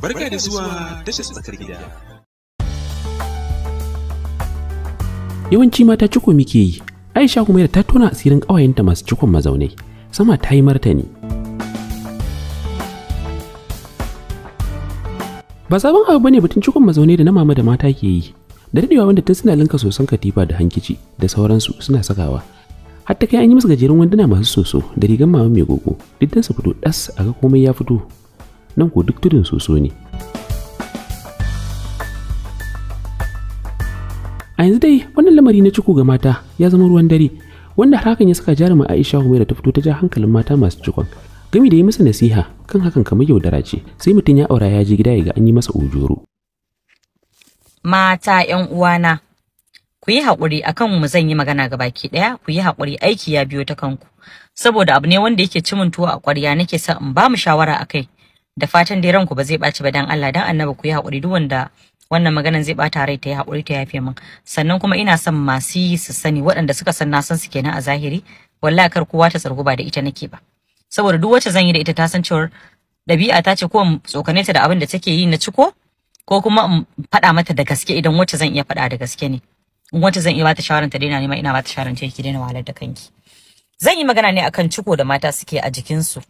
Barka da zuwa tashar tsakar gida. Yawanci mata ciko muke yi, Aisha kuma yadda ta tona asirin ƙawayenta masu cikon mazaunai, sama ta yi martani. Ba sabon abu bane batun cikon mazaunai da na mama da mata ke yi, da daɗewa wanda tun suna linka soson katifa da hankici da sauransu suna sakawa. Hatta kai an yi masu gajeren wanduna masu soso da rigar mama mai gogo, duk su fito ɗas a ga komai ya fito nan ko duk tudun soso ne a yanzu dai wannan lamari na ciko ga mata ya zama ruwan dare wanda har hakan ya saka jarumin Aisha da ta fito ta ja hankalin mata masu cikon gami da yi masa nasiha kan hakan kamar yaudara ce sai mutum ya aura ya je gida ya ga an yi masa ujuru mata yan uwana ku yi haƙuri akan mu zan yi magana ga baki ɗaya ku yi haƙuri aiki ya biyo ta kanku saboda abu ne wanda yake cimin tuwo a ƙwarya nake sa in ba mu shawara kai. da fatan da ranku ba zai baci ba dan Allah dan annabi ku yi hakuri. duk wanda wannan maganan zai bata rai ta yi hakuri ta yafe min sannan kuma ina son masu yi su sani waɗanda suka san na san su kenan a zahiri wallahi kar kowa ta tsargu ba da ita nake ba saboda duk wacce zan yi da ita ta san cewar dabi'a ta ce ko tsokane ta da abin da take yi na ciko ko kuma in faɗa mata da gaske idan wacce zan iya faɗa da gaske ne in wacce zan iya bata shawaran ta daina nema ina bata shawaran ta ki daina wahalar da kanki zan yi magana ne akan ciko da mata suke a jikinsu su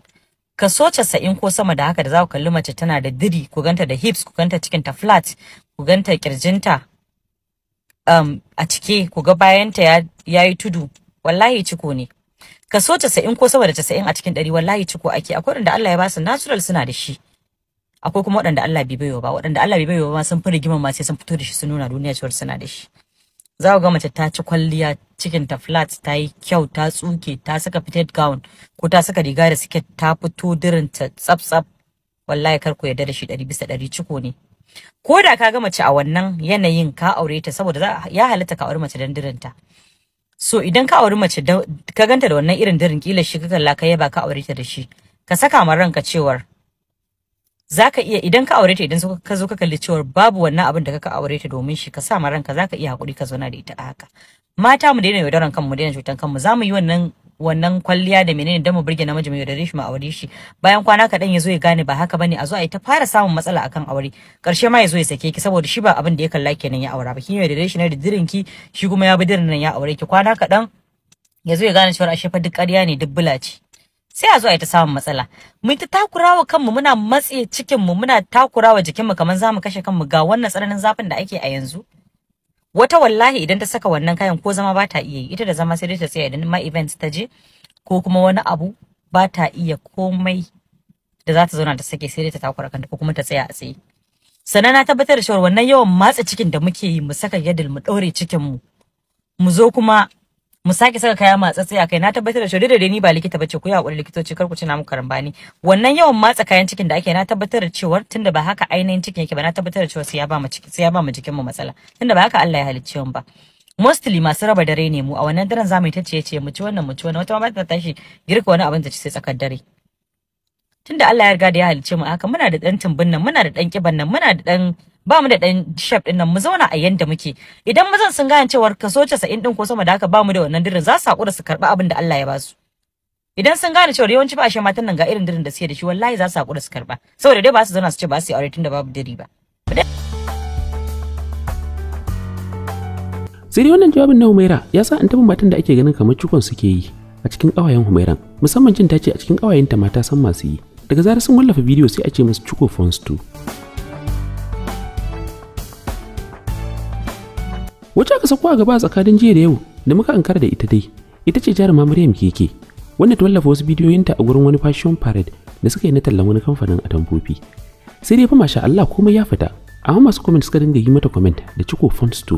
kaso casa'in ko sama da haka da za ku kalli mace tana da diri ku ganta da hips ku ganta cikin ta flat ku ganta kirjinta um, a cike ku ga bayanta ya, ya yi tudu wallahi ciko ne kaso casa'in ko sama da casa'in a cikin ɗari wallahi ciko ake akwai waɗanda Allah ya ba su natural suna da shi akwai kuma waɗanda Allah bai bayo ba waɗanda Allah bai bayo ba sun fi rigimar ma sai sun fito da shi sun nuna duniya cewar suna da shi za ga mace ta ci kwalliya cikin ta flat ta yi kyau ta tsuke ta saka fitted gown ko ta saka riga da siket ta fito dirin ta tsaf wallahi kar ku yarda da shi ɗari bisa ɗari ciko ne ko da ka ga mace a wannan yanayin ka aure ta saboda ya halatta ka aure mace dan dirin ta so idan ka aure mace ka ganta da wannan irin dirin kila shi ka kalla ka yaba ka aure ta da shi ka saka ma ranka cewar zaka iya idan ka aure ta idan ka zo ka kalli cewa babu wannan abin da kaka aure ta domin shi ka sa ma ka zaka iya hakuri ka na da ita a haka mata mu daina yaudaran kanmu mu daina cutan kanmu zamu yi wannan wannan kwalliya da menene da mu burge namiji mai yaudare shi mu aure shi bayan kwana kaɗan ya zo ya gane ba haka bane a zo a yi ta fara samun matsala akan aure karshe ma ya zo ya sake ki saboda shi ba abin da ya kalla kenan ya aura ba kin yaudare shi ne da dirin ki shi kuma ya bi dirin nan ya aure ki kwana kaɗan ya zo ya gane cewa ashe fa duk ƙarya ne duk bula ce sai a zo a yi ta samun matsala mu ta takurawa kanmu muna matse cikinmu muna takurawa jikinmu kamar za mu kashe kanmu ga wannan tsananin zafin da ake a yanzu wata wallahi idan ta saka wannan kayan ko zama ba ta iya yi ita da zama sai dai ta tsaya idan ma events ta je ko kuma wani abu ba ta iya komai da za ta zauna ta sake sai dai ta takura kanta ko kuma ta tsaya a tsaye sannan na tabbatar da cewa wannan yawan matsa cikin da muke yi mu saka gadil mu ɗaure cikin mu mu zo kuma mu sake saka kaya matsatsi a kai na tabbatar da shi da ni ba likita bace ku ya hakuri likitoci kar ku ci namu karambani wannan yawan matsa kayan cikin da ake na tabbatar da cewa tunda ba haka ainihin cikin yake ba na tabbatar da cewa sai ya ba mu ciki sai ya ba mu jikin mu matsala tunda ba haka Allah ya halicce mu ba mostly masu raba dare ne mu a wannan daren za mu ta ce-ce mu ci wannan mu ci wannan wata ma ba ta tashi girka wani abin ta ci sai tsakar dare tunda Allah ya riga da ya halicce mu haka muna da dan tumbin nan muna da dan kiban nan muna da dan ba mu da dan shef din nan mu zauna a yanda muke idan mazan sun gane cewar kaso 90 din ko sama da haka ba mu da wannan dirin za su hakura su karba abin da Allah ya ba su idan sun gane cewa yawanci ba shi matan nan ga irin dirin da suke da shi wallahi za su hakura su karba saboda dai ba su zauna su ce ba su yi aure tunda babu diri ba sai dai wannan jawabin na Humaira ya sa an taɓa matan da ake ganin kamar cikon suke yi a cikin ƙawayen Humairan musamman jin ta ce a cikin ƙawayenta mata san masu yi daga zarar sun wallafa bidiyo sai a ce musu ciko phones 2 wacce aka sako a gaba tsakanin jiya da yau da muka ankara da ita dai ita ce jaruma Maryam Keke wanda ta wallafa wasu bidiyoyinta a gurin wani fashion parade da suka yi na tallan wani kamfanin atamfofi sai dai fa masha Allah komai ya fita amma masu comment suka dinga yi mata comment da ciko fonts to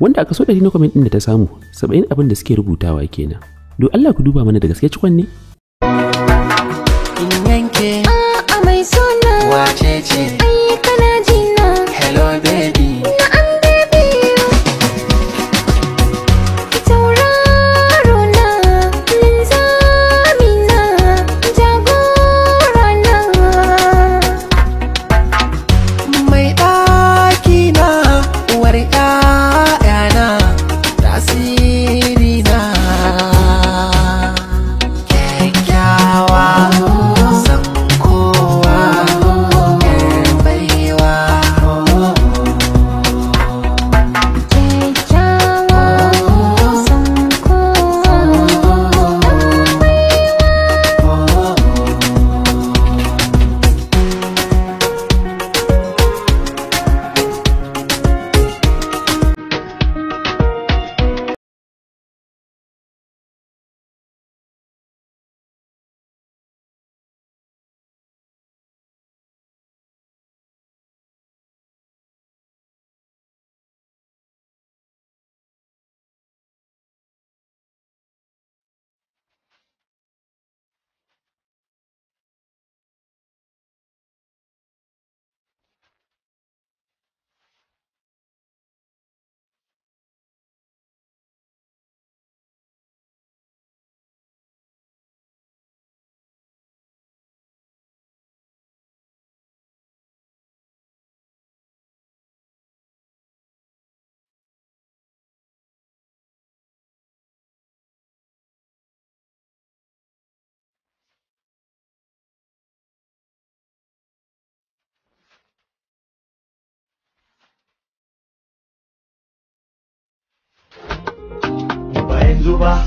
wanda aka so dari na comment din da ta samu 70 abin da suke rubutawa kenan do Allah ku duba mana da gaske cikon ne in suba.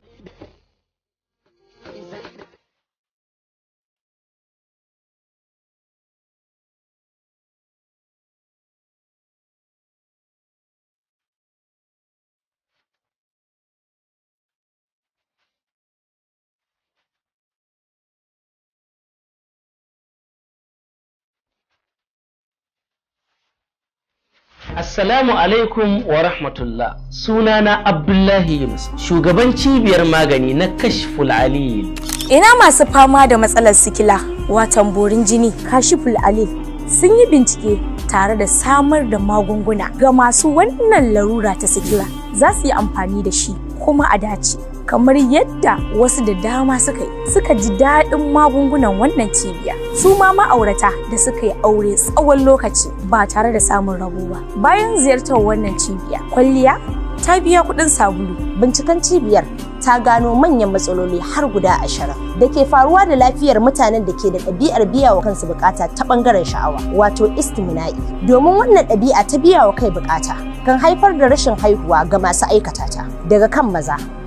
Assalamu alaikum wa rahmatullah sunana Abdullahi Yunus shugaban cibiyar magani na Kashful Alil. Ina masu fama da matsalar sikila watan borin jini Kashful Alil sun yi bincike tare da samar da magunguna ga masu wannan larura ta sikila za su yi amfani da shi kuma a dace. kamar yadda wasu da dama suka yi suka ji daɗin magungunan wannan cibiya su ma ma'aurata da suka yi aure tsawon lokaci ba tare da samun rabo ba bayan ziyartar wannan cibiya kwalliya ta biya kuɗin sabulu binciken cibiyar ta gano manyan matsaloli har guda ashirin da ke faruwa da lafiyar mutanen da ke da ɗabi'ar biya wa kansu bukata ta ɓangaren sha'awa wato istimna'i domin wannan ɗabi'a ta biya wa kai bukata kan haifar da rashin haihuwa ga masu aikata ta daga kan maza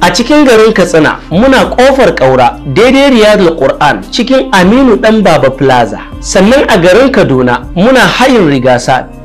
a cikin garin katsina muna kofar ƙaura daidai riyadul qur'an cikin aminu dan baba plaza sannan a garin kaduna muna hayin rigasa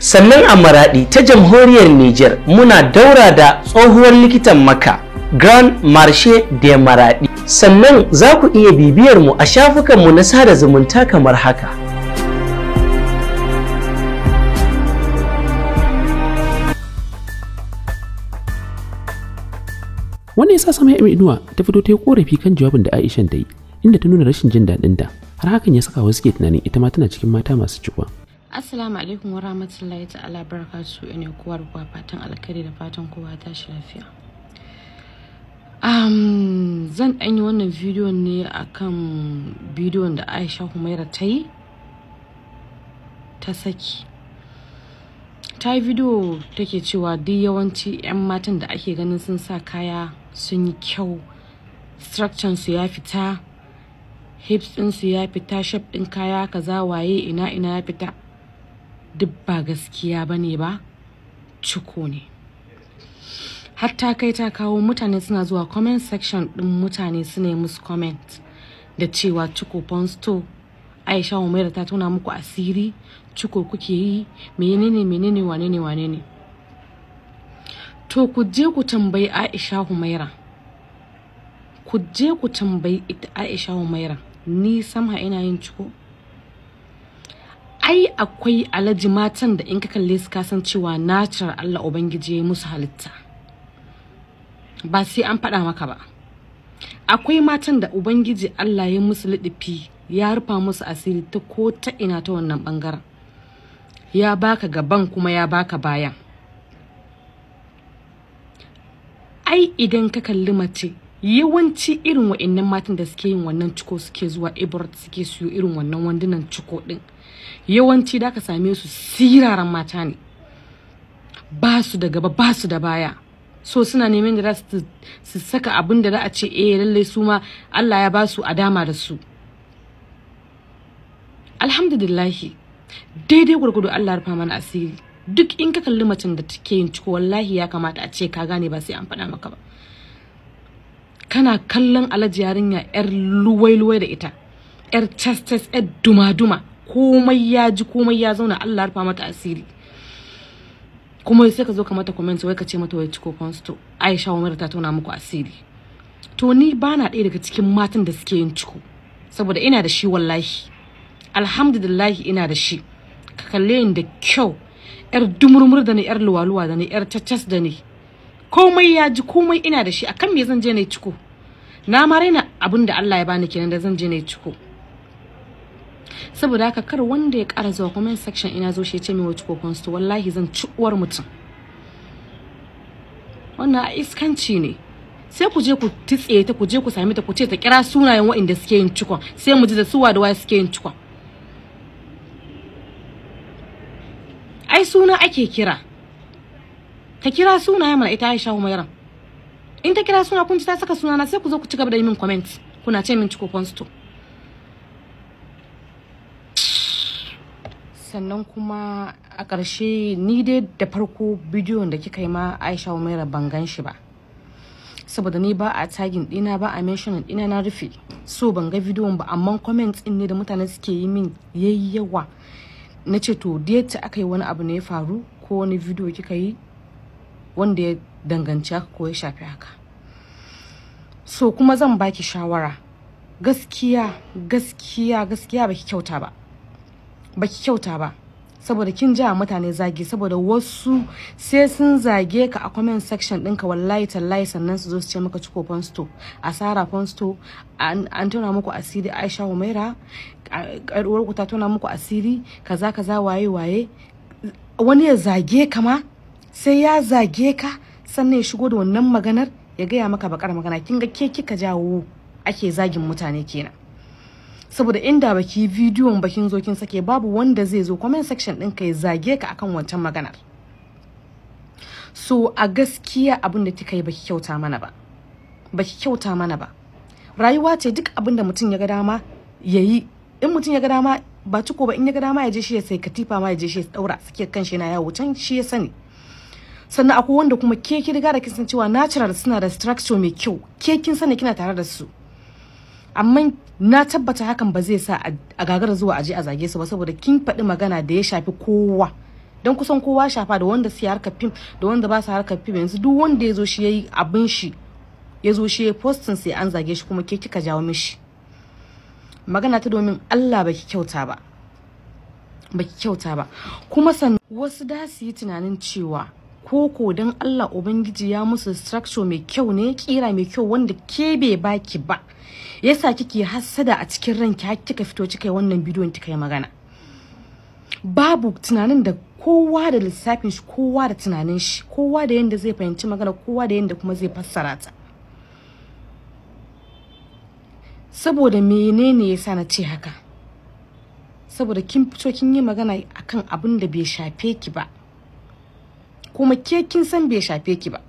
sannan a maraɗi ta jamhuriyar Nijar muna daura da tsohuwar likitan maka grand marche de maraɗi sannan za ku iya bibiyar mu a shafukanmu na sada zumunta kamar haka Wani ya sa sama ya inuwa ta fito ta yi korafi kan jawabin da aisha ta yi inda ta nuna rashin jin daɗinta har hakan ya saka wasu ke tunanin ita ma tana cikin mata masu cikuwa Assalamu alaikum wa rahmatullahi ta'ala barakatu ina kowa da kowa fatan alkhairi da fatan kowa tashi lafiya. Um, zan ɗan yi wannan bidiyon ne akan bidiyon da Aisha Humaira ta yi ta saki. Ta yi bidiyo take cewa duk yawanci 'yan matan da ake ganin sun sa kaya sun yi kyau, structure su ya fita, hips ɗinsu ya fita, shape ɗin kaya kaza waye ina ina ya fita. duk ba gaskiya ba ne ba ciko ne hatta kai ta kawo mutane suna zuwa comment section din mutane suna musu comment da cewa ciko ponsto aisha umaira ta tona muku asiri ciko kuke yi menene menene wane ne wane ne to ku je ku tambayi aisha humaira ku je ku tambayi ita aisha humaira ni sama ina yin ciko ai akwai alaji matan da in ka kalle su ka san cewa natural Allah ubangiji ya musu halitta ba sai an faɗa maka ba akwai matan da ubangiji Allah ya musu liɗifi ya rufa musu asiri ta ko ta ina ta wannan bangaren ya baka gaban kuma ya baka baya. ai idan ka kalli mace yawanci irin wa'annan matan da suke yin wannan ciko suke zuwa ibrat suke siyo irin wannan wandunan ciko din yawanci da ka same su siraran mata ne ba su da gaba ba su da baya so suna neman da za su saka abin da za a ce eh lallai su ma Allah ya ba su a dama da su alhamdulillahi daidai gwargwado Allah rufa mana asiri duk in ka kalli macen da take yin ciko wallahi ya kamata a ce ka gane ba sai an faɗa maka ba kana kallon alaji yarinya yar luwai-luwai da ita yar cas-cas yar duma-duma komai ya ji komai ya zauna Allah rufa mata asiri kuma sai ka zo ka mata comment wai ka ce mata wai ciko consto Aisha Umar ta tona muku asiri to ni bana ɗaya daga cikin matan da suke yin ciko saboda ina da shi wallahi alhamdulillahi ina da shi ka kalle ni da kyau yar dumurmur da ni yar luwaluwa da ni yar cacas da ni komai ya ji komai ina da shi akan me zan je na ciko na ma raina abin da Allah ya bani kenan da zan je na ciko saboda haka kar wanda ya kara zuwa comment section ina zo shi ya ce min wace kokon su wallahi zan ci uwar mutum wannan iskanci ne sai ku je ku titse ta ku je ku same ta ku ce ta kira sunayen waɗanda suke yin cikon sai mu ji da suwa da wa suke yin cikon ai suna ake kira ta kira sunayen mana ita Aisha Humaira in ta kira suna kun ji ta saka sunana sai ku zo ku ci gaba da yi min comment kuna ce min su to sannan kuma a ƙarshe ni dai da farko bidiyon da kika yi ma aisha umaira ban gan shi ba saboda ni ba a tagin dina ba a mention dina na rufe so ban ga bidiyon ba amma comments din ne da mutane suke yi min yayi yawa na ce to da yadda aka yi wani abu ne ya faru ko wani bidiyo kika yi wanda ya danganci haka ko ya shafi haka so kuma zan baki shawara gaskiya gaskiya gaskiya baki kyauta ba ba ki kyauta ba saboda kin ji mutane zagi saboda wasu sai sun zage ka a comment section ɗinka wallahi tallahi sannan su zo su ce maka ciko fonsto asara fonsto an tona muku asiri aisha humaira ku ta tona muku asiri kaza kaza waye waye wani ya zage ka ma sai ya zage ka sannan ya shigo da wannan maganar ya gaya maka bakar magana kin ga ke kika jawo ake zagin mutane kenan saboda inda baki bidiyon bakin zokin sake babu wanda zai zo comment section din ka ya zage ka akan wancan maganar so a gaskiya abin da kika yi baki kyauta mana ba baki kyauta mana ba rayuwa ce duk abin da mutum ya ga dama yayi in mutum ya ga dama ba ciko ba in ya ga dama ya je shi ya sai katifa ma ya je shi ya daura sake kan shi na yawo can shi ya sani sannan akwai wanda kuma ke ki riga da kin san cewa natural suna da structure mai kyau ke kin sani kina tare da su amma na tabbata hakan ba zai sa a gagara zuwa aje a zage su ba saboda kin faɗi magana da ya shafi kowa don kusan kowa shafa da wanda su harkar fim da wanda ba su harkar fim yanzu duk wanda ya zo shi ya yi abin shi ya zo shi ya postin sai an zage shi kuma ke kika jawo mishi magana ta domin Allah baki kyauta ba baki kyauta ba kuma san wasu da su yi tunanin cewa koko don Allah Ubangiji ya musu structure mai kyau ne kira mai kyau wanda ke bai baki ba yasa kike hassada a cikin ranki har kika fito kika yi wannan bidiyon kika yi magana babu tunanin da kowa da lissafin shi kowa da tunanin shi kowa da yanda zai fahimci magana kowa da yanda kuma zai fassara ta saboda menene yasa na ce haka saboda kin fito kin yi magana akan abin da bai shafe ki ba kuma ke kin san bai shafe ki ba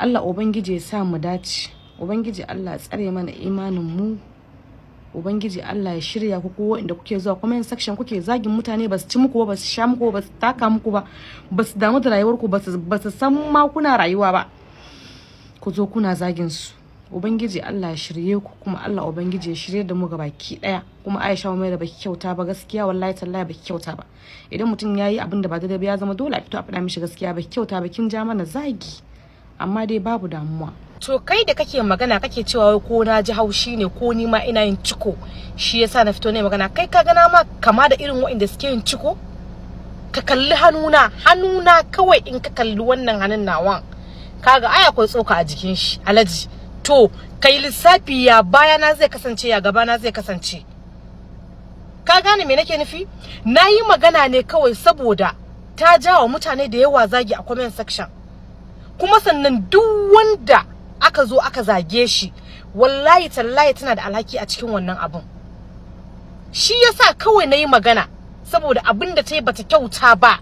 Allah ubangiji ya sa mu dace ubangiji Allah ya tsare mana imanin mu ubangiji Allah ya shirya ku ko inda kuke zuwa comment section kuke zagin mutane ba su ci muku ba su sha muku ba su taka muku ba ba su damu da rayuwar ku ba su san ma kuna rayuwa ba ku zo kuna zagin su ubangiji Allah ya shirye ku kuma Allah ubangiji ya shirye da mu ga baki daya kuma Aisha mai da baki kyauta ba gaskiya wallahi tallahi baki kyauta ba idan mutum yayi abin da ba daidai ba ya zama dole a fito a faɗa mishi gaskiya baki kyauta ba kin ja mana zagi amma dai babu damuwa to kai da kake magana kake cewa ko na ji haushi ne ko ni ma ina yin ciko shi yasa na fito ne magana kai ka gana ma kama da irin waɗanda suke yin ciko ka kalli hannuna hannuna kawai in ka kalli wannan hannun nawan kaga ai akwai tsoka a jikin shi alaji to kai lissafi ya baya na zai kasance ya gaba na zai kasance ka gane me nake nufi na yi magana ne kawai saboda ta jawa mutane da yawa zagi a comment section kuma sannan duk wanda aka zo aka zage shi wallahi tallahi tana da alhaki a cikin wannan abun shi yasa kawai na yi magana saboda abin da ta yi bata kyauta ba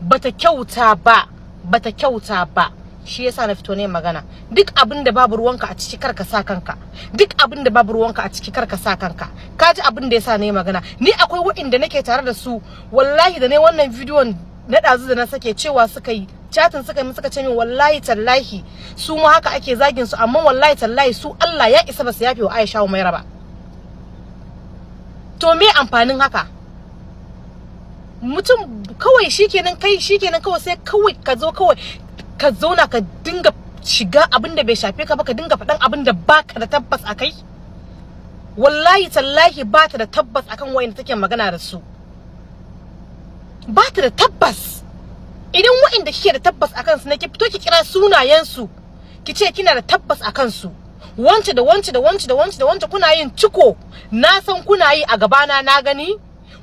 bata kyauta ba bata kyauta ba shi yasa na fito ne magana duk abin da babu ruwanka a ciki karka sa kanka duk abin da babu ruwanka a ciki karka sa kanka ka ji abin da yasa na yi magana ni akwai waɗanda nake tare da su wallahi da ne wannan bidiyon na ɗazu da na sake cewa suka yi chatin suka yi suka ce min wallahi tallahi su ma haka ake zagin su amma wallahi tallahi su Allah ya isa ba su yafe wa Aisha wa Maira ba to me amfanin haka mutum kawai shikenan kai shikenan kawai sai kawai ka zo kawai ka zauna ka dinga shiga abin da bai shafe ka ba ka dinga faɗan abin da baka da tabbas a kai wallahi tallahi ba ta da tabbas akan wayanda take magana da su ba ta da tabbas idan waɗanda kike da tabbas a kansu ne ki fito ki kira sunayensu ki ce kina da tabbas a kansu wance da wance da wance da wance da wance kuna yin ciko na san kuna yi a gabana na gani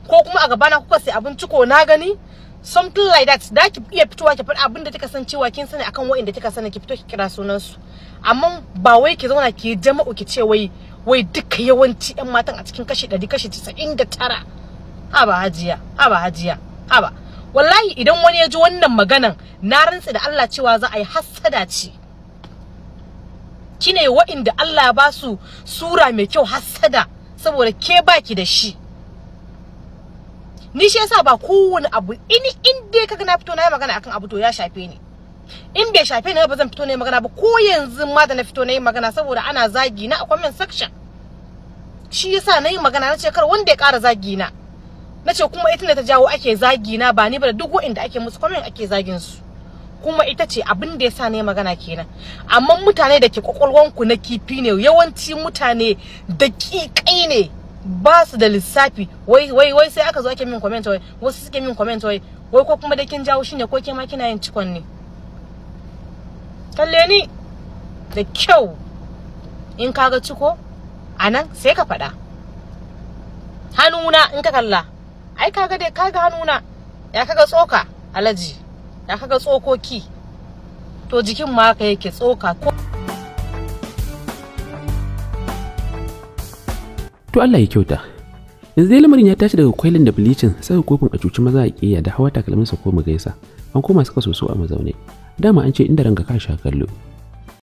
ko kuma a gabana kuka sai abin ciko na gani something like that da ki iya fitowa ki faɗi abin da kika san cewa kin sani akan waɗanda kika sani ki fito ki kira sunansu amma ba wai ki zauna ki jama'u ki ce wai wai duka yawanci yan matan a cikin kashi ɗari kashi casa'in da tara haba hajiya haba hajiya haba wallahi idan wani ya ji wannan maganan na rantsi da Allah cewa za a yi hassada ce kine wa'inda Allah ya ba su sura mai kyau hassada saboda ke baki da shi ni shi yasa ba kowane abu in in dai kaga na fito na yi magana akan abu to ya shafe ni in bai shafe ni ba zan fito na yi magana ba ko yanzu ma da na fito na yi magana saboda ana zagi na a comment section shi yasa na yi magana na ce kar wanda ya kara zagi na na ce kuma ita ne ta jawo ake zagi na ba ni ba da duk wa'inda ake musu kwamin ake zagin su kuma ita ce abin da ya sa ne magana kenan amma mutane da ke kwakwalwanku na kifi ne yawanci mutane da ƙiƙai ne ba su da lissafi wai wai wai sai aka zo ake min comment wai wasu suke min comment wai wai ko kuma da kin jawo shine ko ke ma kina yin cikon ne kalle ni da kyau in kaga ciko anan sai ka faɗa hannuna in ka kalla ai kaga dai kaga hannuna ya kaga tsoka alaji ya kaga tsokoki to jikin ma haka yake tsoka ko to Allah ya kyauta yanzu dai lamarin ya tashi daga kwailin da bilicin saka kofin a cuci maza a ƙiyya da hawa takalminsa ko mu gaisa an koma suka soso a mazaune dama an ce inda ranka ka sha kallo